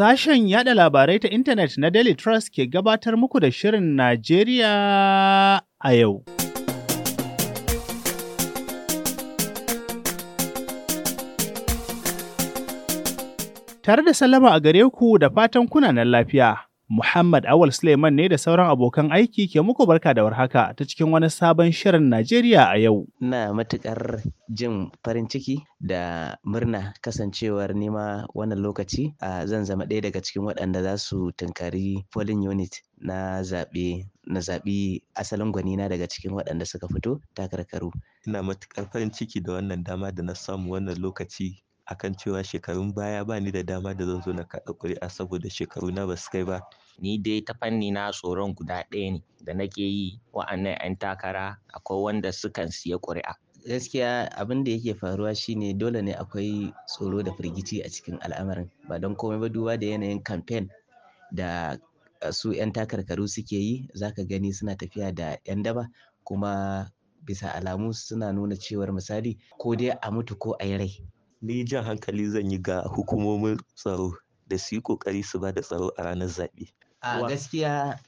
Sashen yada labarai ta intanet na Daily Trust ke gabatar muku da Shirin Najeriya a yau. Tare da salama a gare ku da fatan kuna nan lafiya. Muhammad Awal Suleiman ne da sauran abokan aiki ke muku barka da warhaka ta cikin wani sabon shirin Najeriya a yau. Na matukar jin farin ciki da murna kasancewar nema wannan lokaci a zan zama ɗaya daga cikin waɗanda za su tunkari polling unit na zaɓe na zaɓi asalin gwanina daga cikin waɗanda suka fito takarkaru. Ina matuƙar farin ciki da wannan dama da na samu wannan lokaci akan cewa shekarun baya ba ni da dama da zan zo na kaɗa ƙuri'a saboda shekaru na ba su kai ba. Ni dai ta fanni na tsoron guda ɗaya ne da nake yi wa'annan 'yan takara akwai wanda sukan siya ƙuri'a. gaskiya abin da yake faruwa shine dole ne akwai tsoro da firgici a cikin al'amarin ba don komai ba duba da yanayin kamfen da su 'yan takarkaru suke yi zaka gani suna tafiya da 'yan daba kuma bisa alamu suna nuna cewar misali ko dai a mutu ko a yi rai ni jan hankali zan yi ga hukumomin tsaro da su yi kokari su ba da tsaro a ranar zaɓe. a gaskiya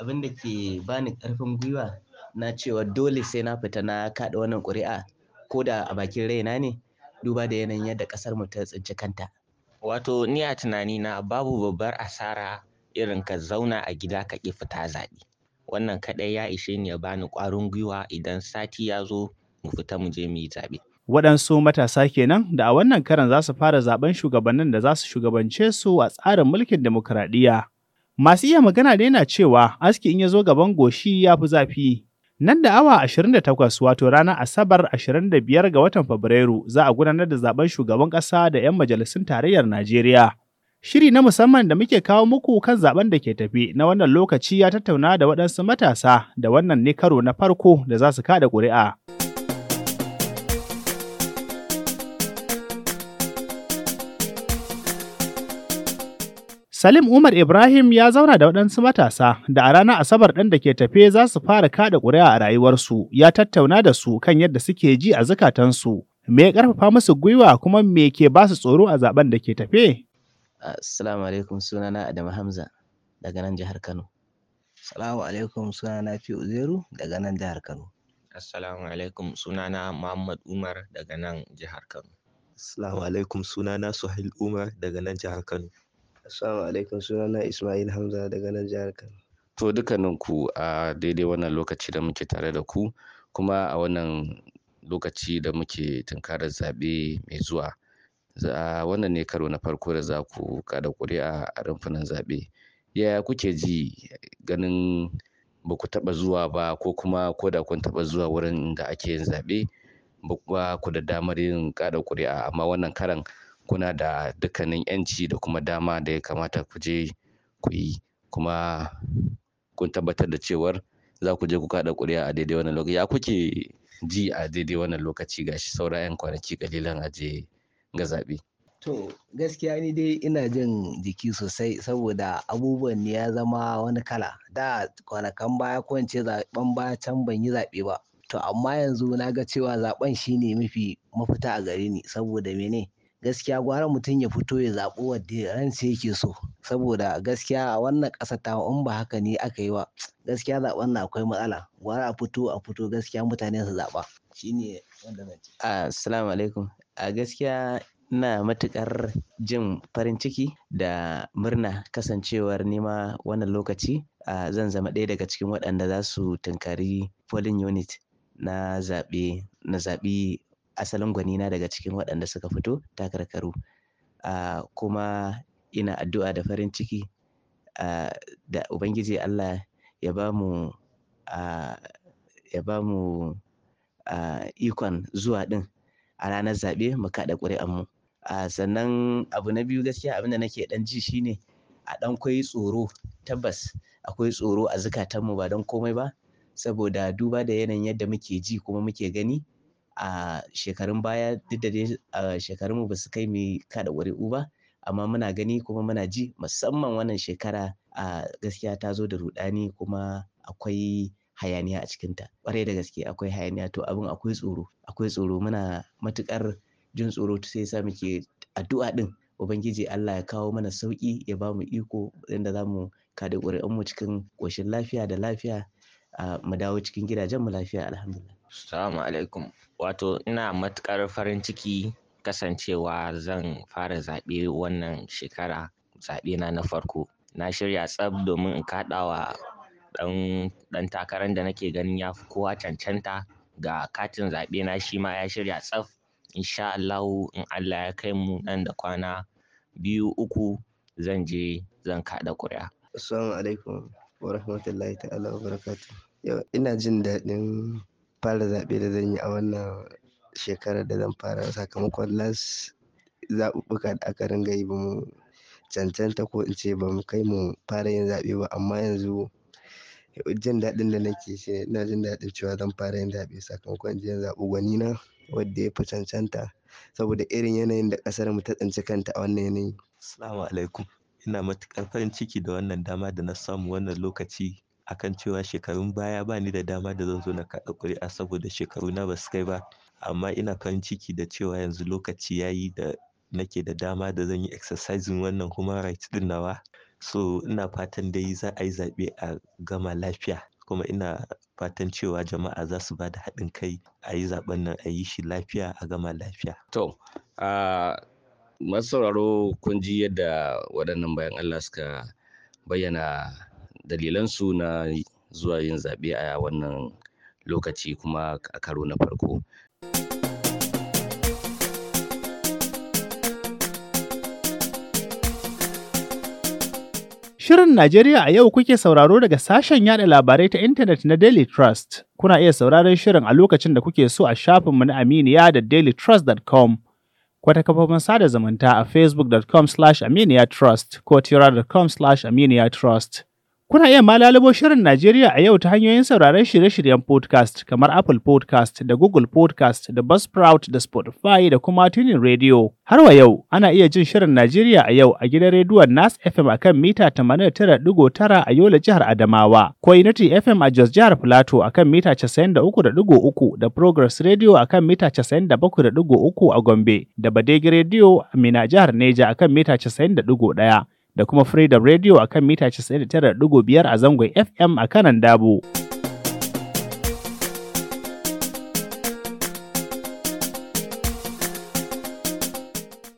abin da ke bani ƙarfin gwiwa na cewa dole sai na fita na kaɗa wannan ƙuri'a ko da a bakin raina ne duba da yanayin yadda ƙasar mu ta tsinci kanta. Wato ni a tunani na babu babbar asara irin ka zauna a gida ka ƙi fita zaɓe. Wannan kaɗai ya ishe ni ya bani ƙwarin gwiwa idan sati ya zo mu fita mu je mu yi zaɓe. waɗansu matasa kenan da a wannan karan za su fara zaben shugabannin da za su shugabance su a tsarin mulkin demokuraɗiyya. Masu iya magana da yana cewa aski in ya zo gaban goshi ya fi zafi. Nan da awa 28 wato ranar Asabar 25 ga watan Fabrairu za a gudanar da zaben shugaban ƙasa da 'yan majalisun tarayyar Najeriya. Shiri na musamman da muke kawo muku kan zaben da ke tafi na wannan lokaci ya tattauna da waɗansu matasa da wannan ne karo na farko da za su kaɗa ƙuri'a. Salim Umar Ibrahim ya zauna da waɗansu matasa da a ranar Asabar ɗin da ke tafe za su fara kada ƙuri'a a rayuwarsu, ya tattauna da su kan yadda suke ji a zukatansu, me ya ƙarfafa musu gwiwa kuma me ke ba su tsoro a zaben da ke tafe. Assalamu alaikum sunana Adamu Hamza daga nan jihar Kano. Assalamu alaikum sunana Fi Uzeru daga nan jihar Kano. Assalamu alaikum sunana Muhammad Umar daga nan jihar Kano. Assalamu alaikum sunana Suhail Umar daga nan jihar Kano. Assalamu alaikum sunana Ismail Hamza daga nan jihar Kano. To ku a daidai wannan lokaci da muke tare da ku kuma a wannan lokaci da muke tunkarar zaɓe mai zuwa. za Wannan ne karo na farko da za ku kada ƙuri'a a rumfunan zaɓe. Yaya kuke ji ganin ba ku taɓa zuwa ba ko kuma ko da kun taɓa zuwa wurin da ake yin zaɓe ba ku da damar yin kada ƙuri'a amma wannan karan kuna da dukkanin yanci da kuma dama da ya kamata ku je ku yi kuma kun tabbatar da cewar za ku je ku kaɗa ƙuri'a a daidai wannan lokaci ya kuke ji a daidai wannan lokaci gashi saura 'yan kwanaki kalilan a je ga zaɓe. To gaskiya ni dai ina jin jiki sosai saboda abubuwan ya zama wani kala da kwanakan baya ko zaben baya can ban yi zaɓe ba to amma yanzu na ga cewa zaɓen shine mafi mafita a gare ni saboda mene gaskiya gwara mutum ya fito ya zaɓi wadda ransa yake so. Saboda gaskiya a wannan ƙasar tamu in ba haka ne aka yi ba, gaskiya zaɓen nan akwai matsala. Gwara a fito a fito gaskiya mutane su zaɓa. Shi wanda ah, Assalamu alaikum. A gaskiya ina matuƙar jin farin ciki da murna kasancewar nema wannan lokaci zan zama ɗaya daga cikin waɗanda za su tunkari polling unit na zaɓe na zaɓi asalin gwanina daga cikin waɗanda suka fito takarkaru karkaru. kuma ina addu'a da farin ciki da ubangiji Allah ya ba mu ikon zuwa ɗin a ranar zaɓe mu kaɗa ƙuri'anmu sannan abu na biyu gaskiya abin da nake ɗan ji shine a ɗan kwai tsoro tabbas akwai tsoro a mu, ba don komai ba saboda duba da yanayin yadda muke ji kuma muke gani a shekarun baya duk da dai shekarunmu ba su kai mu kada ƙuri'u ba amma muna gani kuma muna ji musamman wannan shekara a gaskiya ta zo da rudani kuma akwai hayaniya a cikinta ƙwarai da gaske akwai hayaniya to abin akwai tsoro akwai tsoro muna matukar jin tsoro sai sa muke addu'a din ubangiji Allah ya kawo mana sauki ya ba mu iko inda za mu kada ƙuri'unmu cikin ƙoshin lafiya da lafiya mu dawo cikin gidajenmu lafiya alhamdulillah Assalamu alaikum. Wato ina matuƙar farin ciki kasancewa zan fara zaɓe wannan shekara, zaɓe na na farko. Na shirya tsaf domin in kaɗa wa ɗan, ɗan takarar da nake ganin ya fi kowa cancanta ga katin zaɓena shi ma ya shirya tsaf In Allahu in Allah ya kai mu nan da kwana biyu, uku zan je zan kaɗa ƙuri'a. Assalamu alaikum wa rahmatullahi ta'ala wa barakatuhu. Yau ina jin daɗin fara zaɓe da zan yi a wannan shekarar da zan fara sakamakon las zaɓuɓɓuka da aka ringa yi ba mu cancanta ko in ce ba mu kai mu fara yin zaɓe ba amma yanzu jin daɗin da nake shi ina jin daɗin cewa zan fara yin zaɓe sakamakon jiyan zaɓu gwanina wadda ya fi cancanta saboda irin yanayin da ƙasar mu ta tsinci kanta a wannan yanayin. Salamu alaikum. Ina matuƙar farin ciki da wannan dama da na samu wannan lokaci akan cewa shekarun baya bani da dama da zan zo na kaɗa ƙuri'a saboda shekaru na basu kai ba amma ina farin ciki da cewa yanzu lokaci yayi da nake da dama da zan yi exercising wannan human rights ɗin nawa so ina fatan dai za a yi zaɓe a gama lafiya kuma ina fatan cewa jama'a zasu su ba da haɗin kai a yi zaɓen nan a yi shi lafiya a gama lafiya. To, masu sauraro kun ji yadda waɗannan bayan Allah suka bayyana dalilansu na zuwa yin zaɓe a wannan lokaci kuma a karo na farko. Shirin Najeriya a yau kuke sauraro daga sashen yada labarai ta intanet na Daily Trust. Kuna iya sauraron shirin a lokacin da kuke so a shafinmu na Aminiya da dailytrust.com. Kwata kafofin sada zumunta a facebook.com slash aminiya trust ko tira.com slash aminiya trust. Kuna iya malalibo Shirin Najeriya a yau ta hanyoyin sauraron shirye-shiryen podcast kamar Apple podcast da Google podcast da Buzzsprout da Spotify da kuma Tunin Radio. Har wa yau, ana iya jin Shirin Najeriya a yau a gidan rediyon Nas FM a kan mita 89.9 a Yola jihar Adamawa, ko Unity FM a Jos jihar Plateau kan mita 93.3 da Progress Radio a kan mita 97.3 a Gombe, da Badegi Radio a Mina jihar Neja a kan mita 91. da kuma Freedom Radio a kan mita 99.5 a zangon FM a kanan Dabo.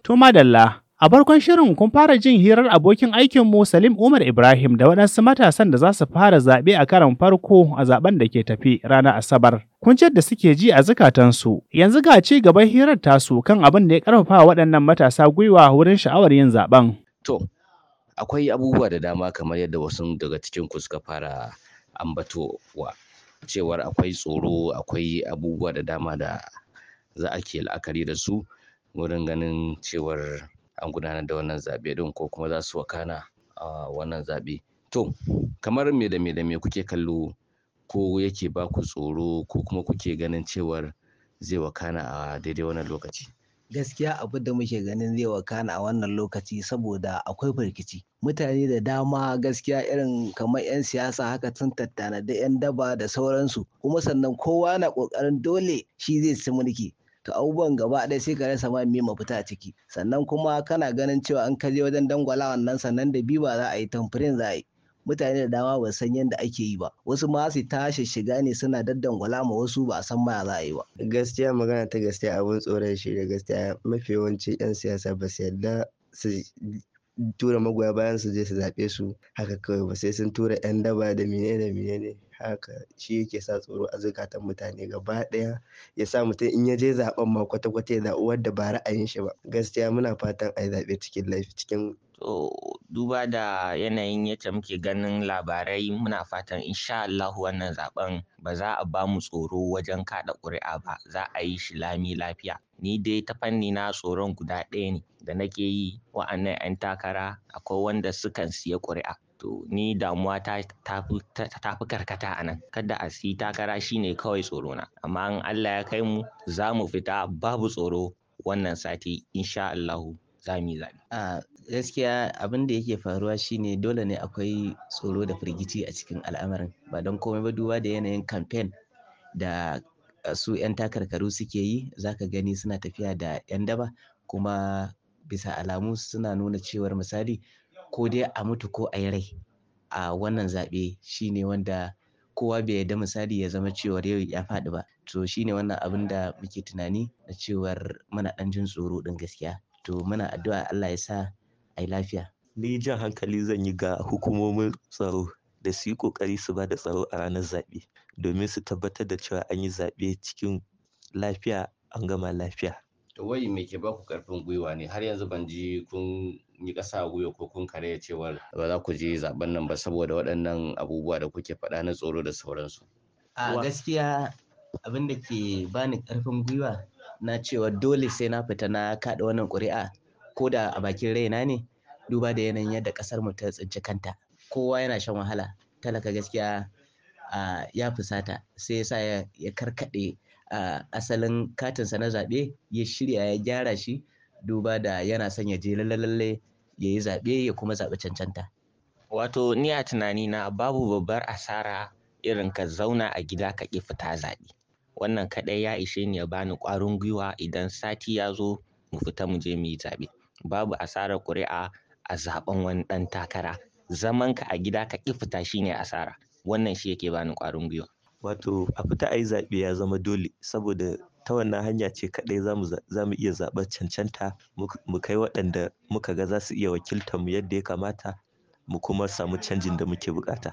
To madalla, a barkon shirin kun fara jin hirar abokin aikinmu Salim Umar Ibrahim da waɗansu matasan da za su fara zaɓe a karon farko a zaɓen da ke tafi ranar Asabar. Kun da suke ji a zukatansu, yanzu ga ci gaban hirar tasu kan abin da ya ƙarfafa waɗannan matasa gwiwa wurin sha'awar yin zaɓen. To, akwai abubuwa da dama kamar yadda wasu daga cikin ku suka fara ambatowa cewar akwai tsoro akwai abubuwa da dama da za a ke la'akari da su wurin ganin cewar an gudanar da wannan zaɓe ɗin ko kuma za su wakana a wannan zaɓe to kamar me da me da me kuke kallo ko yake ba ku tsoro ko kuma kuke ganin cewar zai wakana a daidai wannan lokaci gaskiya abin da muke ganin zai wakana a wannan lokaci saboda akwai firkici mutane da dama gaskiya irin kamar 'yan siyasa haka sun tattana da 'yan daba da sauransu kuma sannan kowa na kokarin dole shi zai ci mulki to abubuwan gaba ɗaya sai ka rasa ma mai mafita a ciki sannan kuma kana ganin cewa an kaje wajen dangwala wannan sannan da bi ba za a yi tamfirin za a yi mutane da dama ba san yadda ake yi ba wasu ma su tashi shiga ne suna daddangwala ma wasu ba san ma za a yi ba gaskiya magana ta gaskiya abin tsoron shi da gaskiya mafi yawanci yan siyasa ba su yarda su tura magoya bayan su je su zaɓe su haka kawai ba sai sun tura 'yan daba da mine da mine ne haka shi yake sa tsoro a zukatan mutane gaba ɗaya ya sa mutum in ya je zaɓen ma kwata-kwata ya zaɓi wadda ba ra'ayin shi ba gaskiya muna fatan a yi zaɓe cikin laifi cikin to duba da yanayin yadda muke ganin labarai muna fatan insha Allah wannan zaɓen. ba za a ba mu tsoro wajen kaɗa ƙuri'a ba za a yi shi lami lafiya ni dai ta fanni na tsoron guda ɗaya ne da nake yi wa'annan 'yan takara akwai wanda sukan siya ƙuri'a. To ni damuwa ta fi karkata a nan. Kada a siyi takara shine kawai tsoro na, Amma in Allah ya kai mu za mu fita babu tsoro wannan sati insha Allahu za mu yi zaɓe. A gaskiya abin da yake faruwa shine dole ne akwai tsoro da firgici a cikin al'amarin ba don komai ba duba da yanayin kamfen da Eh, su 'yan takarkaru suke yi za ka gani suna tafiya da 'yan daba kuma bisa alamu suna nuna cewar misali ko dai a mutu ko a yi rai a wannan zaɓe shi ne wanda kowa bai yarda misali ya zama cewar yau ya faɗi ba to shi ne wannan abin da muke tunani na cewar muna ɗan jin tsoro ɗin gaskiya to muna addu'a Allah ya sa a yi lafiya. Ni jan hankali zan yi ga hukumomin tsaro da su yi ƙoƙari su ba da tsaro a ranar zaɓe domin su tabbatar da cewa an yi zaɓe cikin lafiya an gama lafiya. wai me ke baku karfin gwiwa ne har yanzu ban ji kun yi ƙasa gwiwa ko kun karya cewar ba za ku je zaben nan ba saboda waɗannan abubuwa da kuke faɗa na tsoro da sauransu. a gaskiya abin da ke bani karfin gwiwa na cewa dole sai na fita na kaɗa wannan ƙuri'a ko da a bakin raina ne duba da yanayin yadda ƙasar mu ta tsinci kanta kowa yana shan wahala talaka gaskiya ya fusata sai ya sa ya karkaɗe asalin katinsa na zaɓe ya shirya ya gyara shi duba da yana son ya je lalle ya yi zaɓe ya kuma zaɓi cancanta. Wato ni a tunani na babu babbar asara irin ka zauna a gida ka ƙi fita zaɓe. Wannan kaɗai ya ishe ni ya bani ƙwarin gwiwa idan sati ya zo mu fita mu je mu yi zaɓe. Babu asarar ƙuri'a a zaɓen wani ɗan takara zamanka a gida ka ƙi fita shi ne asara wannan shi yake bani ƙwarin gwiwa wato a fita a yi zaɓe ya zama dole saboda ta wannan hanya ce kaɗai zamu iya zaɓar cancanta mu kai waɗanda muka ga zasu iya wakiltar mu yadda ya kamata mu kuma samu canjin da muke buƙata.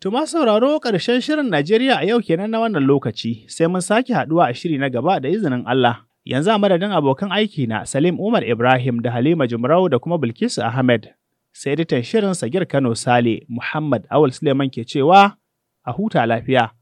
Tuma sauraro ƙarshen shirin Najeriya a yau kenan na wannan lokaci, sai mun sake haɗuwa a shiri na gaba da izinin Allah. Yanzu a madadin abokan aiki na Salim Umar Ibrahim da Halima Jumrau da kuma Bilkisu Ahmed. Sai editan shirin Sagir Kano Sale, Muhammad Awul Suleiman ke cewa a huta lafiya.